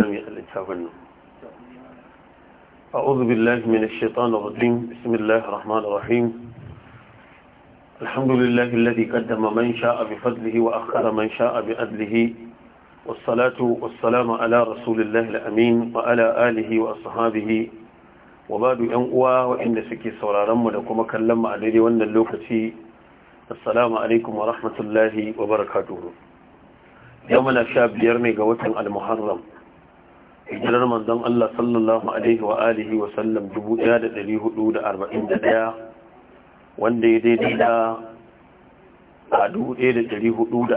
أمي الإتحافن أعوذ بالله من الشيطان الرجيم بسم الله الرحمن الرحيم الحمد لله الذي قدم من شاء بفضله وأخر من شاء بأدله والصلاة والسلام على رسول الله الأمين وعلى آله وأصحابه وبعد أنقوى وإن سكي سورارا ولكم كلم عليه وأن اللوكة السلام عليكم ورحمة الله وبركاته يومنا شاب يرمي قوة المحرم hijirar manzon Allah sallallahu alaihi wa alihi wa sallam 1441 wanda ya daidai da a 1442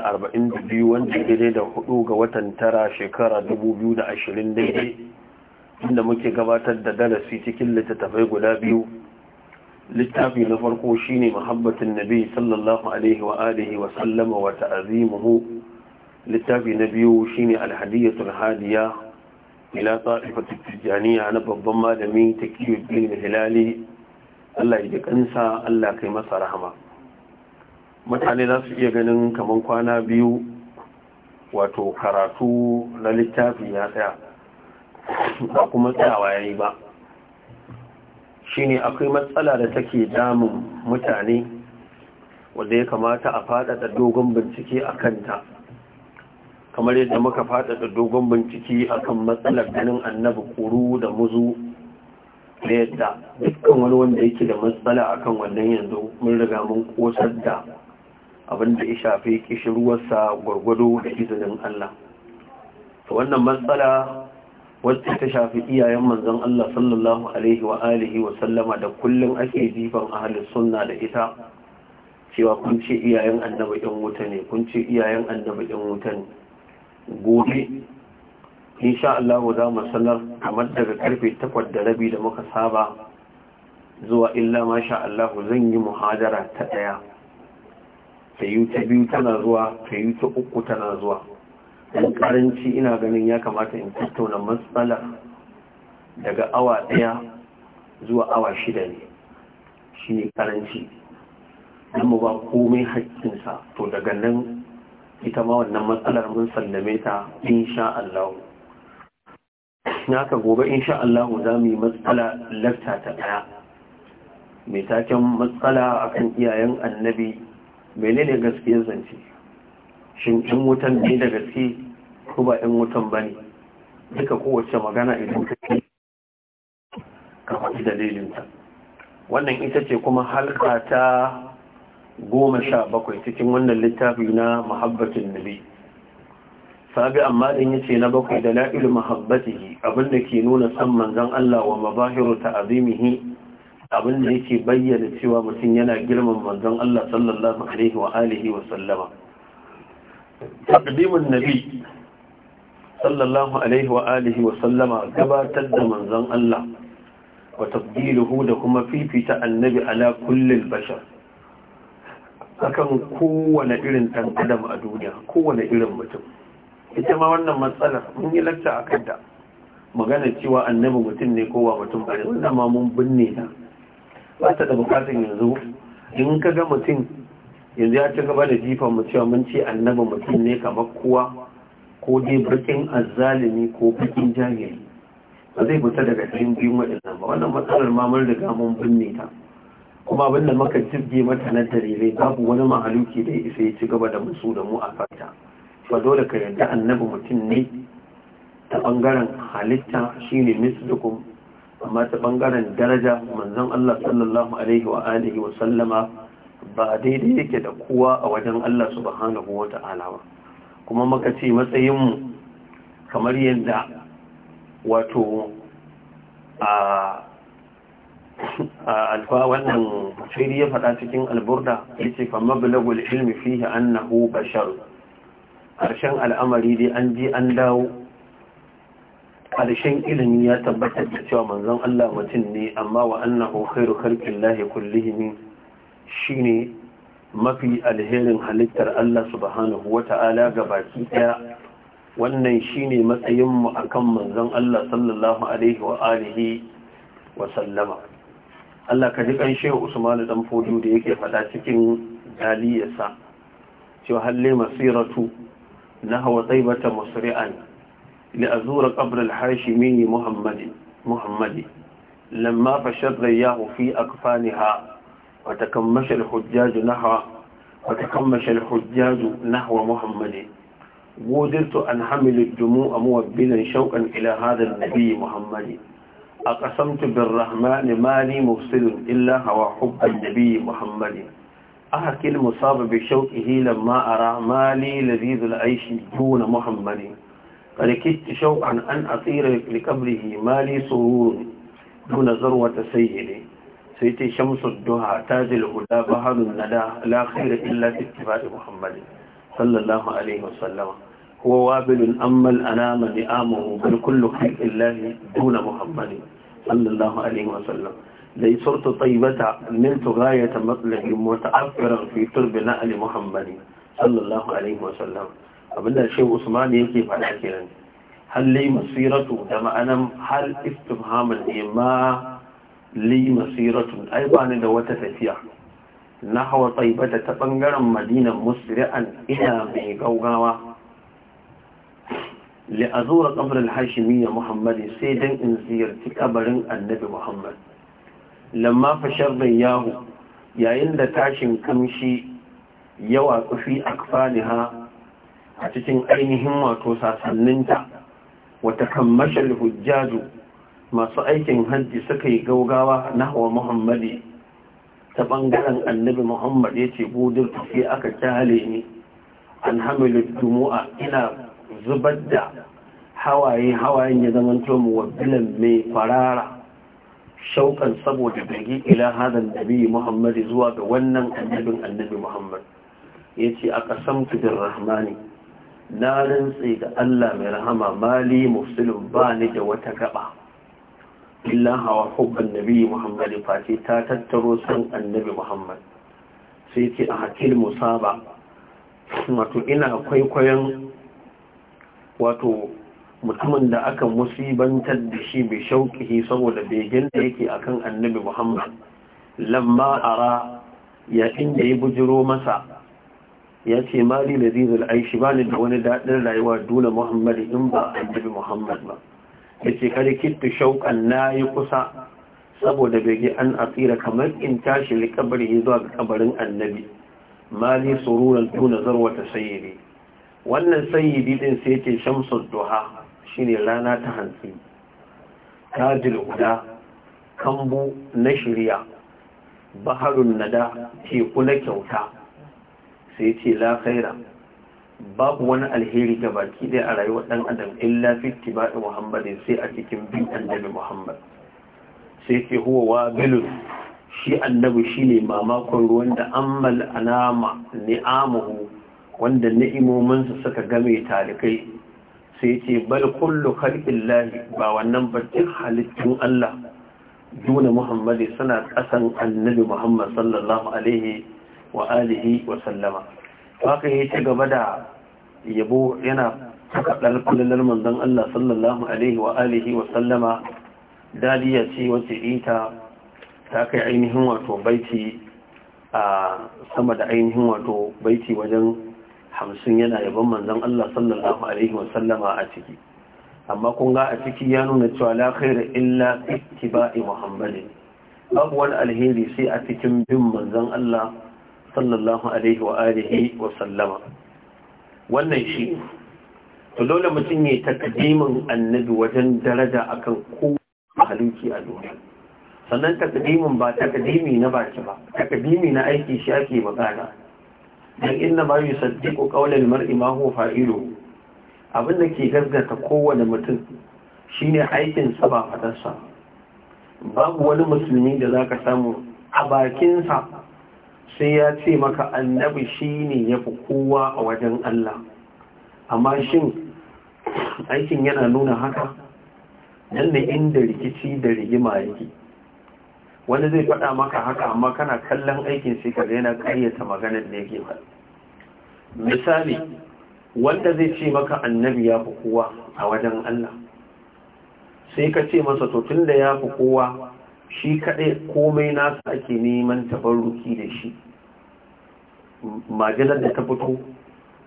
wanda ya daidai da 4 ga watan tara shekara 2020 daidai inda muke gabatar da darasi cikin littattafai guda biyu littafi na farko shine muhabbatin nabi sallallahu alaihi wa alihi wa sallama wa ta'azimuhu littafi na biyu shine alhadiyatul hadiya ila ta'ifatu tijaniya na babban malami takiyuddin hilali Allah ya kansa Allah kai masa rahama mutane za su iya ganin kaman kwana biyu wato karatu na littafi ya tsaya ba kuma tsayawa yayi ba shine akwai matsala da take damun mutane wanda ya kamata a faɗaɗa dogon bincike a kanta kamar yadda muka faɗaɗa dogon bincike akan matsalar ganin annabi kuru da muzu da yadda dukkan wani wanda yake da matsala akan wannan yanzu mun riga mun kosar da abin da ya shafi kishirwarsa gwargwado da izinin Allah ta wannan matsala wacce ta shafi iyayen manzon Allah sallallahu alaihi wa alihi wa sallama da kullum ake jifan ahalin sunna da ita cewa kun ce iyayen annabi ɗin wuta ne kun ce iyayen annabi ɗin wuta ne gobe insha Allah za mu sanar kamar daga karfe takwas da rabi da muka saba zuwa illa masha Allah zan yi muhadara ta ɗaya. ta ta biyu tana zuwa ta ta uku tana zuwa dan karanci ina ganin ya kamata in tattauna matsalar daga awa daya zuwa awa shida ne shi ne karanci don mu ba komai haƙƙinsa to daga nan ita ma wannan matsalar mun sallame ta insha Allah ka gobe insha Allah za mu yi matsala lafta ta daya mai taken matsala akan iyayen annabi menene gaskiyar zance shin in wutan ne da gaske ko ba in wutan ba ne? duka kowace magana idan kake kamar dalilinta wannan ita ce kuma halka ta goma sha bakwai cikin wannan littafi na mahabbatin nabi sabi amma din yace na bakwai da la'ilu mahabbatihi abinda ke nuna san manzon Allah wa mabahiru ta'zimihi abinda yake bayyana cewa mutum yana girman manzon Allah sallallahu alaihi wa alihi wa sallama taqdimun nabi sallallahu alaihi wa alihi wa sallama gabatar da manzon Allah wa tafdiluhu da kuma fifita annabi ala kullil bashar akan kowane irin ɗan adam a duniya kowane irin mutum ita ma wannan matsalar mun yi lacca a kanta magana cewa annabi mutum ne kowa mutum bane wannan ma mun binne ta ba ta da bukatun yanzu in ka ga mutum yanzu ya ci gaba da jifan mu cewa mun ce annabi mutum ne kamar kowa ko dai birkin azzalimi ko bikin jahili ba zai fita daga cikin biyun waɗannan ba wannan matsalar ma mun riga mun binne ta kuma abin da maka jirge mata na dalilai babu wani mahaluki da ya isa ya ci gaba da musu da mu a fata ba dole ka yarda annabi mutum ne ta bangaren halitta shine mislukum amma ta bangaren daraja manzon Allah sallallahu alaihi wa alihi wa sallama ba daidai yake da kowa a wajen Allah subhanahu wa ta'ala ba kuma muka ce matsayin mu kamar yadda wato a alfa wannan shiri ya faɗa cikin alburda ya ce fa mablagul ilmi fihi annahu bashar ƙarshen al'amari dai an ji an dawo ƙarshen ilimi ya tabbatar da cewa manzon Allah mutum ne amma wa annahu khairu kullihi ne shine mafi alherin halittar Allah subhanahu wata'ala ga baki ɗaya wannan shine matsayinmu akan manzon Allah sallallahu alaihi wa alihi wa sallama Allah ka ji ƙanshe usman dan Fodu da yake faɗa cikin daliyarsa cewa halle masiratu na hawa tsaibata musri'an li azura qabr al-hashimi Muhammad Muhammad lamma fasharra yahu fi akfaniha wa takammasha al-hujjaj nahwa wa takammasha al-hujjaj nahwa Muhammad وجدت أن حمل الدموع موبلا شوقا إلى a ƙasamtu bin rahmani mani musulun illa hawa hukun nabi muhammadin a haƙil musamman bai shauƙi hilan ma'ara mali lalizul aishi juna muhammadin ƙarƙis ti shauƙan an a tsira likabrihi mali tsorurun duna zarwa ta sai ne sai ta shamsu duha ta ji lahuda ba harin na da lafiyar illa tattifa da muhammadin sallallahu alaihi wasallama هو وابل أما الأنام نئامه بل كل خلق الله دون محمد صلى الله عليه وسلم لي صرت طيبة نلت غاية مطلبي متأثرا في ترب نأل محمد صلى الله عليه وسلم أبدا شيء عثمان يكي فعلا كيرا هل لي مسيرة دم أنا هل استفهاما ما لي مسيرة أيضا لوتة تفيع نحو طيبة تبنغرا مدينة مسرعا إلى بيقوغاوة li'azura qabr al-hashimi ya muhammad sai dan in ziyarci ƙabarin annabi muhammad lamma fashar yahu yayin da tashin kamshi yawa kufi akfaniha a cikin ainihin wato sasanninta wata kammashar hujjaju masu aikin hajji suka yi gaugawa na nahwa muhammadi ta ɓangaren annabi muhammad ya ce gudun tafi aka kyale ne an hamilu ina zubar da hawaye hawayen ya zama wa bilan mai farara shaukan saboda bagi ila hadan nabi Muhammad zuwa ga wannan annabin annabi Muhammad yace fitar rahmani na rantsi ga Allah mai rahama mali musulun ba ni da wata gaba illa hawa hubban nabi Muhammad fati ta tattaro san annabi Muhammad sai ce a hakil musaba wato ina kwaikwayon wato mutumin da aka musibantar da shi bai shauƙihi saboda begen da yake akan annabi muhammad lamma ara ya inda ya bujiro masa ya ce mali da zizul aishi ba da wani daɗin rayuwa dole muhammad in ba annabi muhammad ba ya ce kare kitta shauƙan na yi kusa saboda bege an asira kamar in tashi likabar likabari zuwa ga kabarin annabi mali sururan tuna zarwata sayyari wannan sayyidi din sai yake shamsul duha shine rana ta hantsi tajil guda, kambu na shirya baharun nada teku na kyauta sai ce la babu wani alheri ga baki dai a rayuwar dan adam in fi tibai muhammadin sai a cikin bin annabi muhammad sai ce huwa wa shi annabi shine mamakon ruwan da ammal anama ni'amahu. wanda ni'imominsa suka game talikai sai ce bal kullu khalqin lahi ba wannan ba duk halittun Allah duna muhammad suna kasan annabi Muhammad sallallahu alaihi wa alihi wa sallama haka ya ci gaba da yabo yana kaɗar kullun manzon Allah sallallahu alaihi wa alihi wa sallama dadiya ce wacce ita ta kai ainihin wato baiti a sama da ainihin wato baiti wajen hamsin yana yaban manzan Allah sallallahu alaihi wasallama a ciki amma kun ga a ciki ya nuna cewa la khaira illa ittiba'i muhammadin babu wani alheri sai a cikin bin manzan Allah sallallahu alaihi wa alihi wasallama sallama wannan shi to dole mutum ta takdimin annabi wajen daraja akan ko halinki a duniya sannan takadimin ba takadimi na baki ba takadimi na aiki shi ake magana dan inna ma yusaddiqu al mar'i ma huwa fa'ilu abinda ke gaskata kowane mutum shine aikin sa ba fadarsa babu wani musulmi da zaka samu a bakin sa sai ya ce maka annabi shine yafi kowa a wajen Allah amma shin aikin yana nuna haka nan da inda rikici da rigima yake wani zai faɗa maka haka amma kana kallon aikin shi ka na ƙayyata maganar da yake ba misali wanda zai ce maka annabi ya fi kowa a wajen Allah sai ka ce masa to da ya fi kowa shi kaɗai komai nasa ake neman tabarruki da shi maganar da ta fito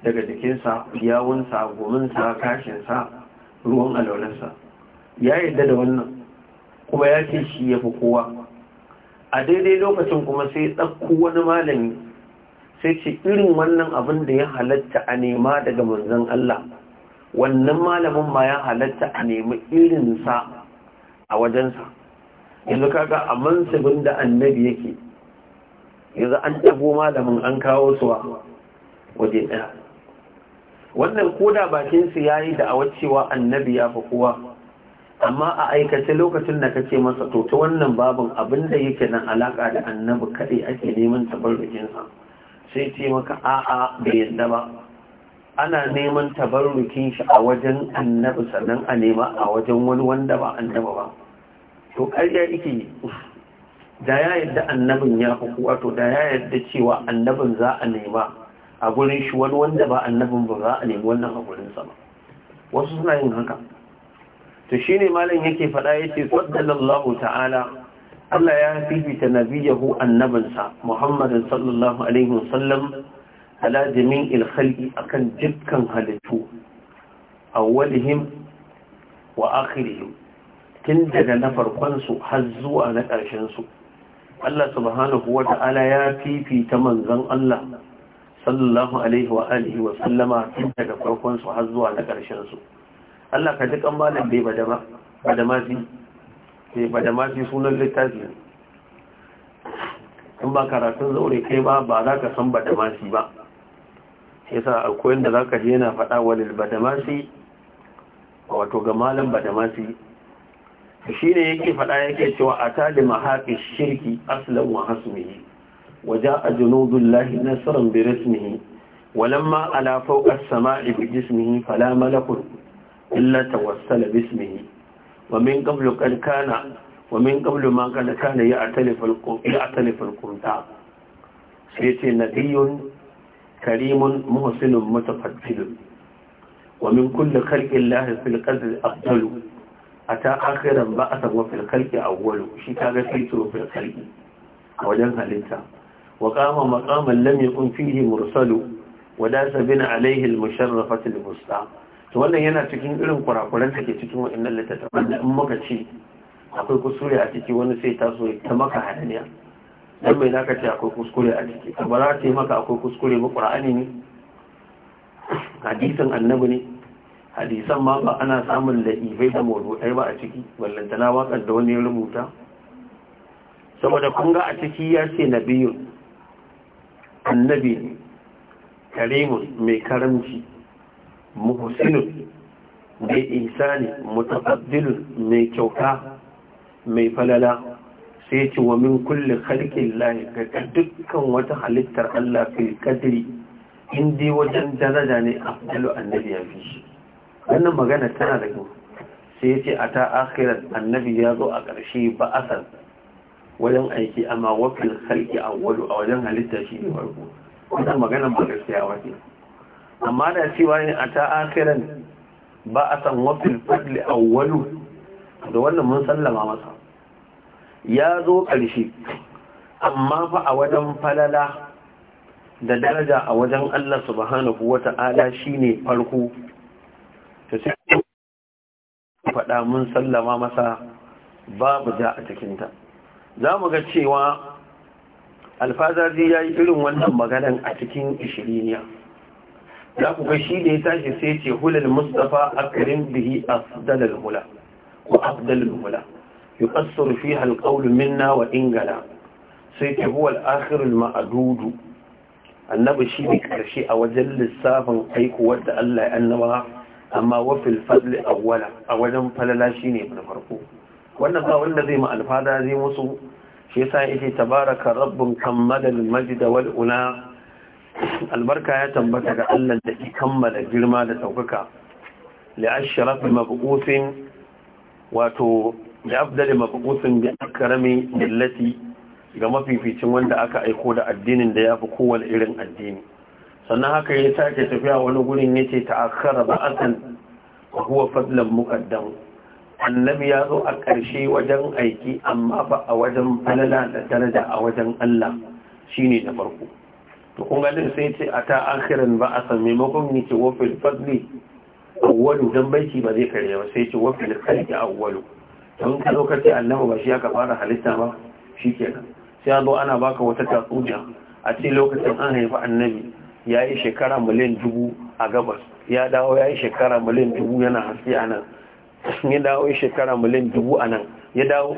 daga jikinsa yawunsa gominsa kashinsa ruwan alaunarsa ya yadda da wannan kuma ya ce shi ya fi kowa a daidai lokacin kuma sai ɗakku wani malami sai ce irin wannan abin da ya halatta a nema daga manzon Allah wannan malamin ma ya halatta a nemi irinsa a wajensa yanzu kaga a mansibin da annabi yake yanzu an tabo malamin an kawo suwa waje ɗaya wannan koda bakinsu ya yi da'awar cewa annabi ya fi kowa amma a aikace lokacin da kace masa to ta wannan babin abin da yake nan alaka da annabi kaɗai ake neman sa sai ce maka a'a bai yadda ba ana neman tabarrukin shi a wajen annabi sannan a nema a wajen wani wanda ba annabi ba to ƙarya yake da ya yadda annabin ya fi kuwa to da ya yadda cewa annabin za a nema a gurin shi wani wanda ba annabin ba za a nemi wannan a gurinsa ba wasu suna yin haka to shi ne malam yake faɗa yace sallallahu ta'ala Allah ya fifita nabiyahu annabinsa Muhammadin sallallahu alaihi wasallam ala jami'il a kan dukkan halittu awwalihim wa akhirihim tun daga na farkonsu har zuwa na ƙarshen su Allah subhanahu wa ta'ala ya fifita manzon Allah sallallahu alaihi wa alihi wa tun daga farkonsu har zuwa na ƙarshen su Allah ka kan malam bai badama badamasi sai eh, sunan littafi in ba karatun zaure kai ba ba za ka san ba da mafi ba a koyon da za ka je yana faɗa walil wato ga malam mafi shi ne yake faɗa yake cewa a tali da mahaƙi shirki aslan wa hasumi waje a junubin lahi nasarar birismihi walamma ala fauƙar sama'i bi jismihi illa tawassala bismihi wa min qablu qad kana wa min qablu ma qad kana ya'talifu al-qur'an al-qur'an sai ce nabiyun wa min kulli khalqin lahi fil qadri afdalu ata akhiran ba'atha wa fil khalqi awwalu shi kaga sai to fil khalqi a wajen halitta wa qama maqaman lam mursalu wa dasa bin alayhi to wannan yana cikin irin kurakuran da ke cikin wa'annan littattafan da in muka ce akwai kuskure a ciki wani sai taso so ta maka hadaniya dan mai naka ce akwai kuskure a ciki ba za ta yi maka akwai kuskure ba qur'ani ne hadisin annabi ne hadisan ma ba ana samun laifai da mawdu'ai ba a ciki wallantana waƙar da wani ya rubuta saboda kun ga a ciki ya ce nabiyun annabi ne karimun mai karamci muhsinun mai insani mutaqaddilun mai kyauta mai falala sai ce wa min kulli khalqin lahi ga dukkan wata halittar Allah fil kadiri. indi wajen daraja ne afdalu annabi ya fi shi wannan magana tana da kyau sai ce a ta akhirar annabi ya zo a ƙarshe ba asar wajen aiki amma wafin sarki a wadu a wajen halittar shi ne farko wannan magana ba gaskiya wace amma da cewa ne a ta akiran ba a san wafil fadli awwalu da wannan mun sallama masa ya zo ƙarshe amma fa a wajen falala da daraja a wajen Allah subhanahu shi ne farko to sai faɗa mun sallama masa babu ja a cikinta za mu ga cewa alfazazi ya yi irin wannan maganan a cikin ishiriniya za ku ga shi da ya tashi sai ce hulal mustafa karin bihi a al hula wa afdal al hula minna wa ingala sai ce huwa al ma'adudu annabi shi ne karshe a wajen lissafin aiko wadda Allah ya annaba amma wa fadli awwala a wajen falala shine na farko wannan ba wanda zai ma alfada zai musu shi yasa yake tabaraka rabbun kammalal majda wal una albarka ya tambata ga Allah da ke kammala girma da saukaka li ashraf mabqusin wato li afdal mabqusin bi akrami millati ga mafificin wanda aka aiko da addinin da ya fi kowane irin addini sannan haka ya sake tafiya wani gurin yace ba ba'atan wa kuwa fadlan mukaddam annabi ya zo a ƙarshe wajen aiki amma ba a wajen falala da daraja a wajen Allah shine na farko to kun galin sai ce a ta akhirin ba a san maimakon ni ce wafil fadli awwalu dan baiti ba zai kare ba sai ce wafil khalqi awwalu don ka zo kace annabi ba shi aka fara halitta ba shikenan sai an zo ana baka wata tatsuniya a ce lokacin an haifi annabi ya yi shekara miliyan dubu a gabas ya dawo ya yi shekara miliyan dubu yana haske a nan ya dawo ya shekara miliyan dubu a nan ya dawo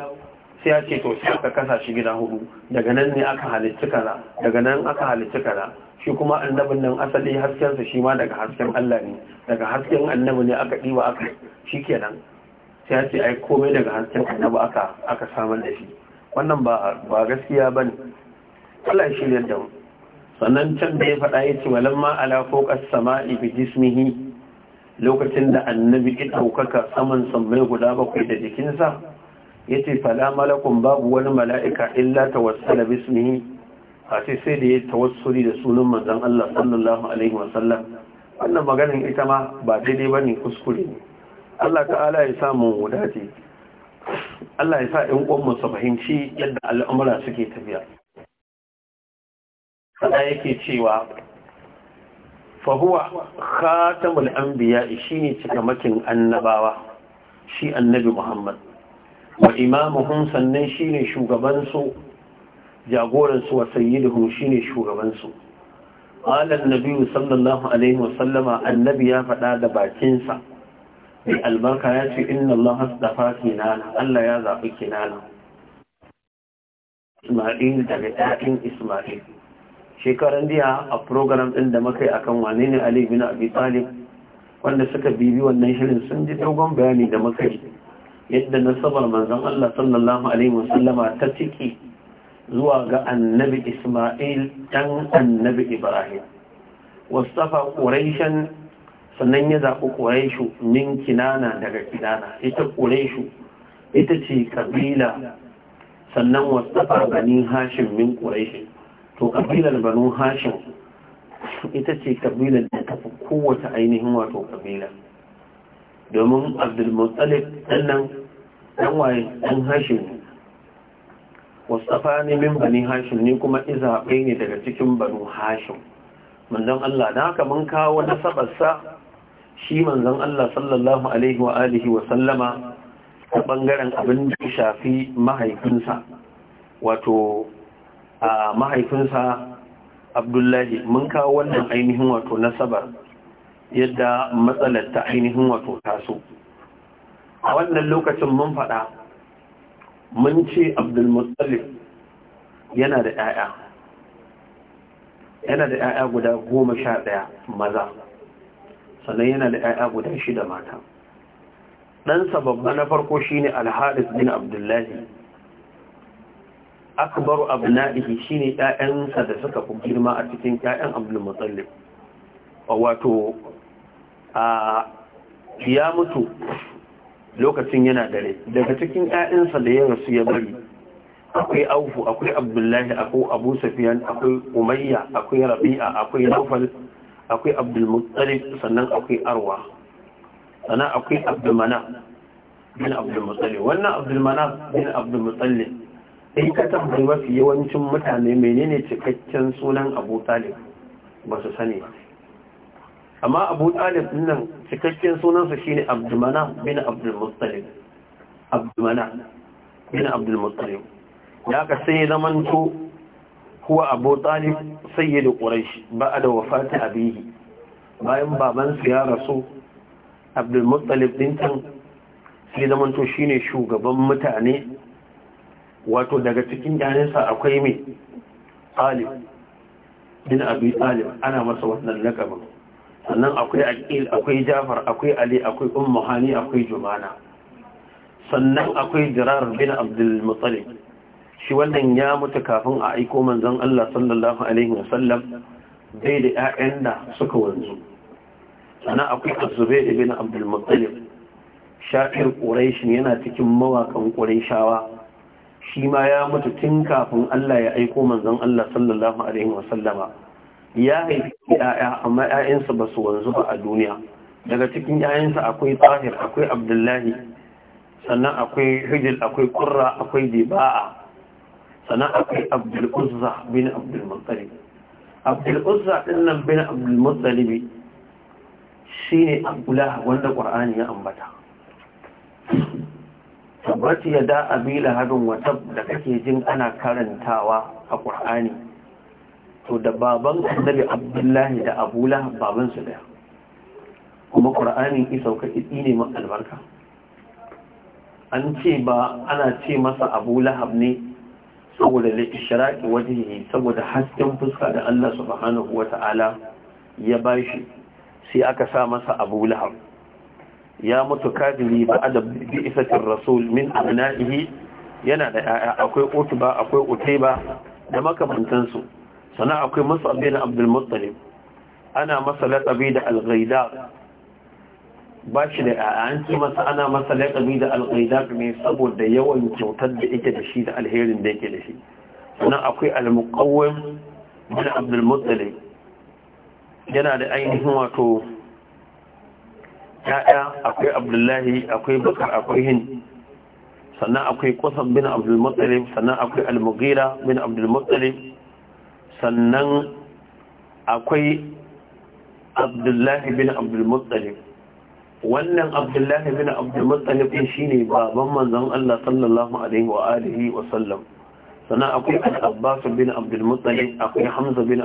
sai ya ce to sai aka kasa shi gida hudu daga nan ne aka halicci kaza daga nan aka halicci kaza shi kuma annabin nan asali haskensa shi ma daga hasken Allah ne daga hasken annabi ne aka ɗiba aka shi kenan sai ya ce ai komai daga hasken annabi aka aka samar da shi wannan ba ba gaskiya bane. Allah shi ne da sannan can da ya faɗa ya ce walamma ala fawqas sama'i bi jismihi lokacin da annabi ya ɗaukaka saman sammai guda bakwai da jikinsa Ya ce fala malakun babu wani mala'ika illa tawassala bismihi sai sai da ya tawassuli da sunan manzon Allah sallallahu alaihi wasallam wannan maganin ita ma ba daidai ne kuskure ne Allah ta'ala ya sa mun wadace Allah ya sa ɗan ƙwanmu su fahimci yadda al'amura suke tafiya. Sada yake cewa, fahuwa khatamul anbiya shine cikamakin annabawa, shi annabi Muhammad. wa Hun sannan shine shugabansu jagoransu wa shi shine shugabansu qala an-nabi sallallahu alaihi wa sallama annabi ya faɗa da bakinsa bi albarka ya ce inna Allah astafa kinana Allah ya zabi kinana Isma'il daga ɗakin Isma'il shekaran jiya a program ɗin da muka yi akan wane ne Ali bin Abi wanda suka bibi wannan shirin sun ji dogon bayani da muka yi yadda nasabar manzon Allah sallallahu alaihi wasallama ta ciki zuwa ga annabi Isma'il dan annabi Ibrahim wasafa quraishan sannan ya zaɓi quraishu min kinana daga kinana ita quraishu ita ce kabila sannan wasafa bani hashim min quraish to kabilar banu hashim ita ce kabilar da ta fi kowace ainihin wato kabila domin abdulmutsalif ɗannan ɗan waye dan hashim Mustapha ne min bani hashim ne kuma izaɓe ne daga cikin banu hashim manzan Allah da haka mun kawo nasabarsa shi manzan Allah sallallahu alaihi wa wa sallama ta ɓangaren abin da shafi mahaifinsa wato a mahaifinsa Abdullahi mun kawo wannan ainihin wato nasabar yadda matsalar ta ainihin wato taso a wannan lokacin mun faɗa mun ce abdulmutsalif yana da ƴaƴa yana da 'ya'ya guda goma sha ɗaya maza sannan yana da 'ya'ya guda shida mata ɗansa babba na farko shine alharis bin abdullahi akbaru shi shine 'ya'yansa da suka fi girma a cikin 'ya'yan abdulmutsalif wato ya mutu lokacin yana dare daga cikin ƴaƴansa da ya rasu ya bari akwai aufu akwai abdullahi akwai abu safiyan akwai umayya akwai rabi'a akwai nufal akwai abdulmuttalib sannan akwai arwa sannan akwai abdulmana bin abdulmuttalib wannan abdulmana bin abdulmuttalib in ka tambayi mafi yawancin mutane menene cikakken sunan abu talib ba su sani ba amma abu ɗalib nan cikakken sunansa shine abdulmana bin abdulmustalib abdulmana bin abdulmustalib ya ka sai zamanto kuwa abu ɗalib sayyidu ƙuraish ba a da wafata abihi bayan babansa ya rasu abdulmustalib din can sai zamanto shine shugaban mutane wato daga cikin yanarsa akwai mai ɗalib bin abu ɗalib ana masa wannan lakabin sannan akwai aqil akwai jafar akwai ali akwai ummu hani akwai jumana sannan akwai jirar bin abdul muttalib shi wannan ya mutu kafin a aiko manzon Allah sallallahu alaihi wasallam dai da ƴaƴan da suka wanzu sannan akwai az-zubair bin abdul muttalib shafir quraish yana cikin mawakan quraishawa shi ma ya mutu tun kafin Allah ya aiko manzon Allah sallallahu alaihi wasallama ya haifi ‘ya'ya amma ‘ya'yansa ba su wanzu ba a duniya daga cikin ‘ya'yansa akwai tsahir akwai abdullahi sannan akwai hijil akwai kurra akwai diba'a sannan akwai abdul'uzza bin abdulmuttalib abdul'uzza ɗin nan bin abdulmuttalib shi ne abdullah wanda ƙwar'ani ya ambata tabbati ya da abila harin wata da kake jin ana karantawa a ƙwar'ani to da baban annabi abdullahi da abula baban su daya kuma ƙura'anin isa ka ƙiɗi ne man albarka an ce ba ana ce masa abu lahab ne saboda da ishiraki waje saboda hasken fuska da allah subhanahu wa ta'ala ya bashi sai aka sa masa abu lahab ya mutu kadiri ba a da bi'isatin rasul min abna'ihi yana da 'ya'ya akwai ba, akwai ba da makamantansu sana akwai masu bin abdul muttalib ana masa laƙabi da alghaida ba shi da an ce masa ana masa laƙabi da alghaida ne saboda yawan kyautar da yake da shi da alherin da yake da shi sannan akwai almuqawwim na abdul muttalib yana da ainihin wato ya'ya akwai abdullahi akwai bakar akwai hin sannan akwai kusan bin abdul muttalib sannan akwai almugira bin abdul muttalib sannan akwai abdullahi bin abdulmuttalib wannan abdullahi bin ɗin shi shine baban manzan Allah sallallahu alaihi wa alihi wa sallam sannan akwai al-abbas bin abdulmuttalib akwai hamza bin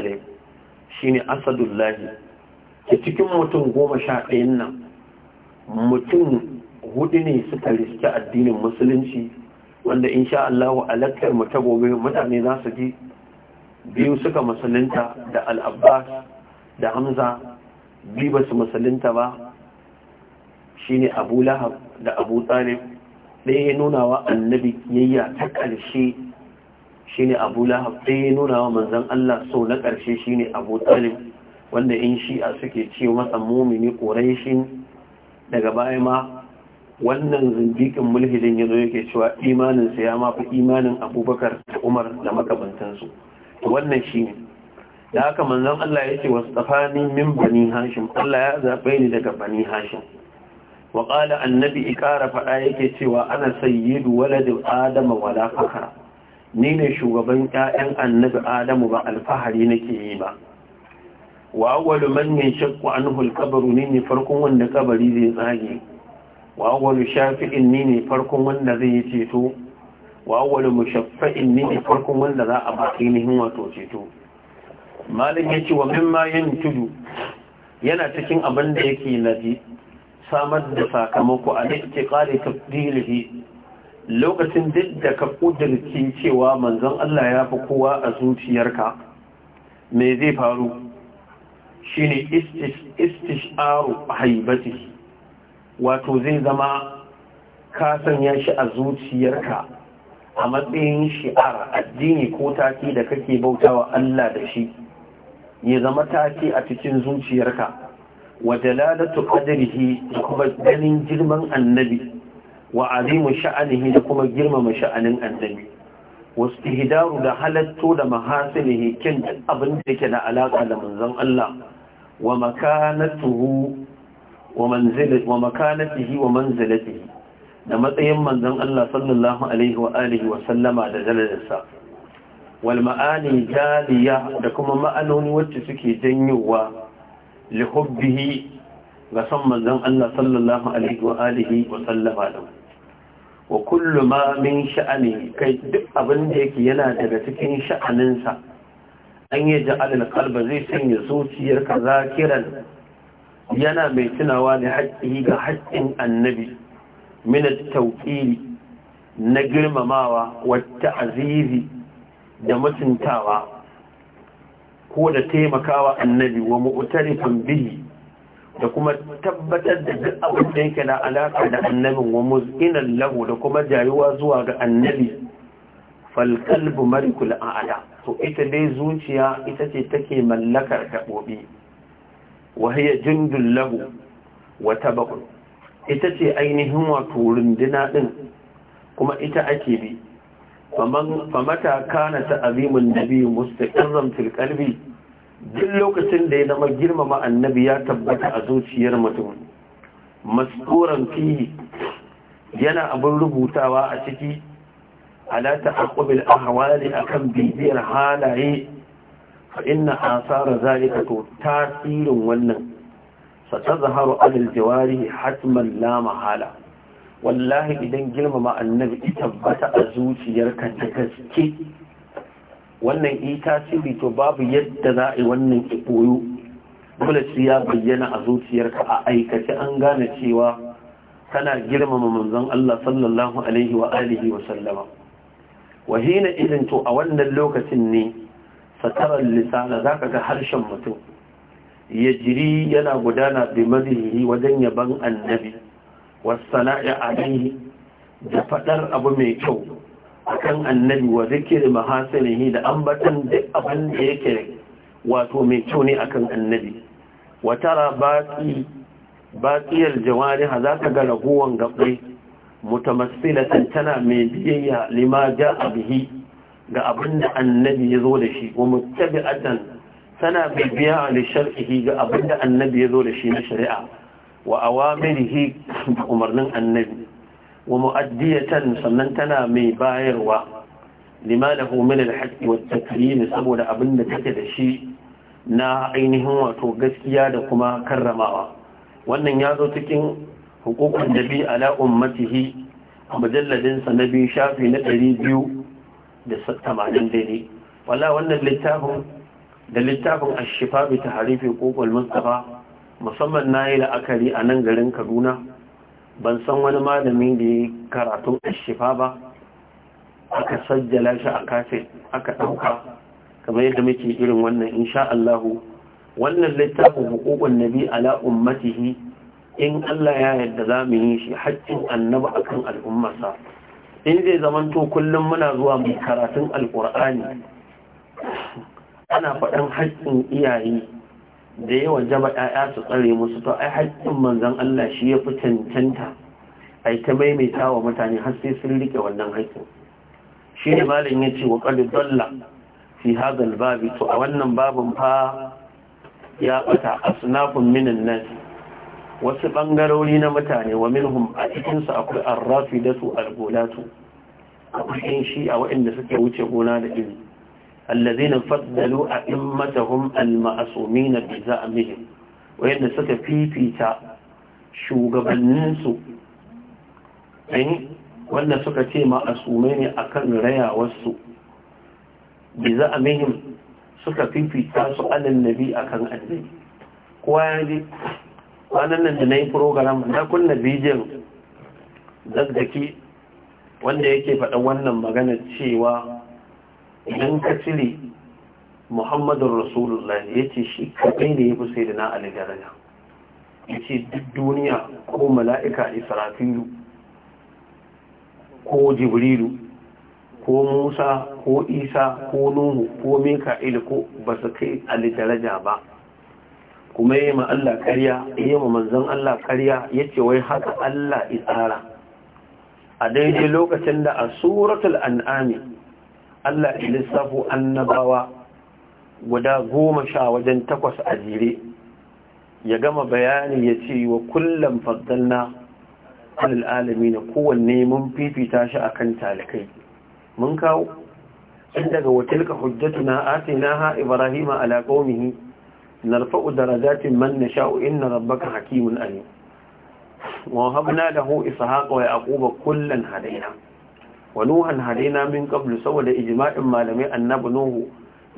shi shine asadullahi ke cikin mutum goma sha ɗayan nan mutum hudu ne suka riske addinin musulunci wanda in sha Allah wa alakar ta gobe mutane za su ji biyu suka musulunta da al'abbas da hamza biyu ba su musulunta ba shi ne abu lahab da abu talib ɗaya ya nuna wa annabi yayya ta ƙarshe shi ne abu lahab ɗaya ya nuna wa manzan allah sau na ƙarshe shi ne abu talib wanda in shi'a suke ce masa mumini ƙorashin daga baya ma wannan zindikin mulhidin ya zo yake cewa imaninsa ya mafi imanin abubakar da umar da makamantansu wannan shi ne da haka manzon Allah ya ce wasu tsafani min bani hashim Allah ya zaɓe ni daga bani hashim wa annabi ikara faɗa yake cewa ana sayyidu waladin adama wala fakara ni ne shugaban ƴaƴan annabi adamu ba alfahari nake yi ba wa awwalu man yashqu anhu al-qabru ni ne farkon wanda kabari zai tsage wa awwalu shafi'in ni ne farkon wanda zai ceto wa awwalu mushaffa'in min farkon wanda za a ba ainihin wato ceto malin yace wa mimma tudu. yana cikin abin da yake naji samar da sakamako a kare tafdilihi lokacin duk da ka kudurci cewa manzon Allah ya fi kowa a zuciyarka me zai faru shine istisharu haibati wato zai zama ka sanya shi a zuciyarka a matsayin shi'ar addini ko taki da kake bautawa Allah da shi ya zama taki a cikin zuciyarka wa dalalatu qadrihi da kuma ganin girman annabi wa azimu sha'anihi da kuma girmama sha'anin annabi wastihdaru da halatto da mahasinihi kin abin da yake da alaka da manzon Allah wa makanatuhu wa manzilatihi wa manzilatihi da matsayin manzon Allah sallallahu alaihi wa alihi wa sallama da jalalinsa wal ma'ani jaliya da kuma ma'anoni wacce suke janyowa li hubbihi ga son manzon Allah sallallahu alaihi wa alihi wa sallama da wa kullu ma min sha'ani kai duk abin da yake yana daga cikin sha'aninsa an yi ja'alil kalba zai sanya zuciyar zakiran yana mai tunawa da haƙƙi ga haƙƙin annabi Mina at na girmamawa wa ta'zizi da mutuntawa ko da taimakawa annabi wa mu'tarifan bihi da kuma tabbatar da duk abin da alaƙa da alaka da annabin wa muz'inan lahu da kuma jayuwa zuwa ga annabi fal qalbu malikul a'la to ita dai zuciya ita ce take mallakar gabobi wa hiya jundul lahu wa tabaqun ita ce ainihin wato runduna ɗin kuma ita ake bi famata kana ta azimin nabi mustaƙirran filƙalbi duk lokacin da ya zama girmama annabi ya tabbata a zuciyar mutum maskoran fiye yana abin rubutawa a ciki alata ta a ahawali a kan bibiyar halaye fa inna asara zalika to tasirin wannan ستظهر على الجوارح حتما لا محالة والله إذن annabi مع النبي إتبت أزوج يركا تكسكي wannan ita sirri to babu yadda za a yi wannan koyo dole sai ya bayyana a zuciyarka a aikace an gane cewa kana girmama manzon Allah sallallahu alaihi wa alihi wa sallama wa hina idan to a wannan lokacin ne satarar lisana zaka ga harshen mutum ya jiri yana gudana bi mazihi wajen yaban annabi ya alaihi da faɗar abu mai kyau akan annabi wa zikiri mahasanihi da ambatan duk abin da yake wato mai kyau ne akan annabi wa tara baqi ha za zaka ga ragowan gaɓe mutamassilatan tana mai biyayya lima ja abihi ga abin da annabi ya zo da shi wa mutabi'atan tana bibiya a lishar'ihi ga abinda annabi ya zo da shi na shari'a wa awamirihi umarnin annabi wa mu'addiyatan sannan tana mai bayarwa lima da min al-haqqi wa takrim saboda abinda take da shi na ainihin wato gaskiya da kuma karramawa wannan ya zo cikin hukukun dabi ala ummatihi a mujalladin sa na biyu shafi na 280 wannan littafin da littafin ashifa bi ta harife kokol mustapha musamman na yi la'akari a nan garin kaduna ban san wani malamin da ya karatun ashifa ba aka sajjala shi a kafet, aka ɗauka kamar yadda muke irin wannan insha Allahu wannan littafin hukukun nabi ala ummatihi in Allah ya yarda za mu yi shi haƙƙin annabi akan al'ummarsa in zai zamanto kullum muna zuwa mai karatun alƙur'ani ana faɗin haƙƙin iyaye da yawan jaba ‘ya'ya su tsare musu to ai haƙƙin manzan Allah shi ya fi cancanta a yi ta maimaita wa mutane har sai sun riƙe wannan haƙƙin shi ne malin ya ce wa ƙadu dalla fi hagal babi to a wannan babin fa ya ɓata a sunafin minin nan wasu ɓangarori na mutane wa minhum a cikinsu akwai arrafi da su algolatu a cikin shi a waɗanda suke wuce gona da iri الذين فضلوا أئمتهم المعصومين بزعمهم وإن سك في فيتا شوغبننسو يعني وإن سك تي معصومين أكن ريا وسو بزعمهم سك في فيتا سؤال النبي أكن النبي كوالي أنا نجني بروغرام لا كنا بيجن ذاك ذكي wanda yake faɗa wannan magana cewa idan ka cire muhammadun rasulullah ya ce shi kaɗai ne ya fi sai da na alidaraja ya ce duk duniya ko mala'ika israfilu ko jibrilu ko musa ko isa ko nuhu ko meka'il ko ba su kai alidaraja ba kuma yi ma Allah ƙarya yi ma manzan Allah ƙarya ya ce wai haka Allah isara a daidai lokacin da a suratul an'ami Allah ya lissafo annabawa guda goma sha wajen takwas a jere ya gama bayani ya ce wa kullum faddalna al'alami na kowanne mun fifita shi a kan talikai mun kawo in daga watilka ha atinaha alaƙomihi na qaumihi narfa'u darajatin man nasha'u inna rabbaka hakimun alim wa habna lahu ishaqa wa yaquba kullan hadaina wa nuhan min qablu saboda ijma'in malamai annabi nuhu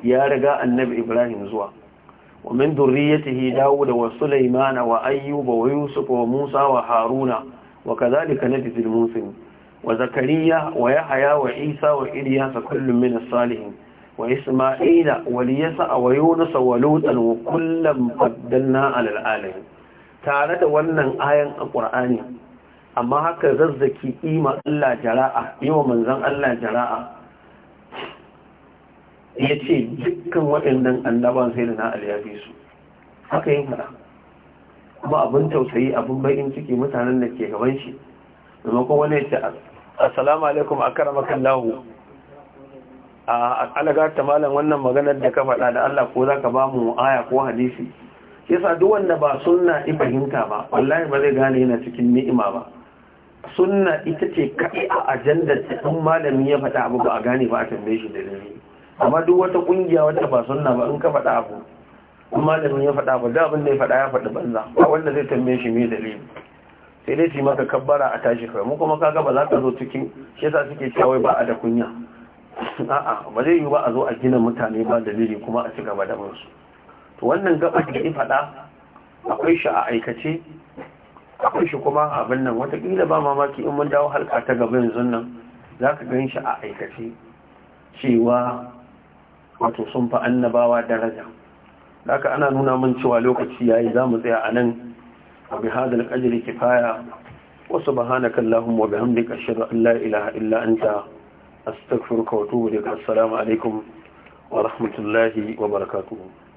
ya riga annabi ibrahim zuwa wa min dhurriyyatihi dawud wa sulaiman wa ayyub wa yusuf wa musa wa haruna wa kadhalika nabi fil musin wa zakariya wa yahya wa isa wa ilyas kullun min as-salihin wa وليسع ويونس ولوطا وكلا فضلنا على Tare da wannan ayan alqur'ani amma haka zazzaki ima Allah jara'a yi wa manzan Allah jara'a ya ce dukkan waɗannan annaban sai da na aliyafi su haka yin fara kuma abin tausayi abin bakin ciki mutanen da ke gaban shi kuma wani ya ce assalamu alaikum a karamakan lahu a alagar ta malam wannan maganar da ka faɗa da Allah ko za ka ba mu aya ko hadisi yasa duk wanda ba sunna ibahinta ba wallahi ba zai gane yana cikin ni'ima ba sunna ita ce kai a ajandar ta ɗan malami ya faɗa abu ba a gane ba a tambaye shi da dare amma duk wata ƙungiya wata ba sunna ba in ka faɗa abu ɗan malamin ya faɗa ba da abin da ya faɗa ya faɗi banza ba wanda zai tambaye shi mai dalili sai dai ci maka kabbara a tashi kai mu kuma kaga ba za ka zo cikin shi yasa suke cewa ba a da kunya a'a ba zai yi ba a zo a gina mutane ba dalili kuma a ci gaba da musu to wannan gaba da ya faɗa akwai shi a aikace akwai shi kuma abin nan watakila ba mamaki in mun dawo halka ta gaba yanzu nan za ka gan shi a aikace cewa wato sun fi annabawa daraja ka ana nuna min cewa lokaci yayi za mu tsaya a nan a bi hadal ajri kifaya wa subhanaka allahumma wa bihamdika ashhadu an la ilaha illa anta astaghfiruka wa atubu ilaik assalamu alaikum wa rahmatullahi wa barakatuh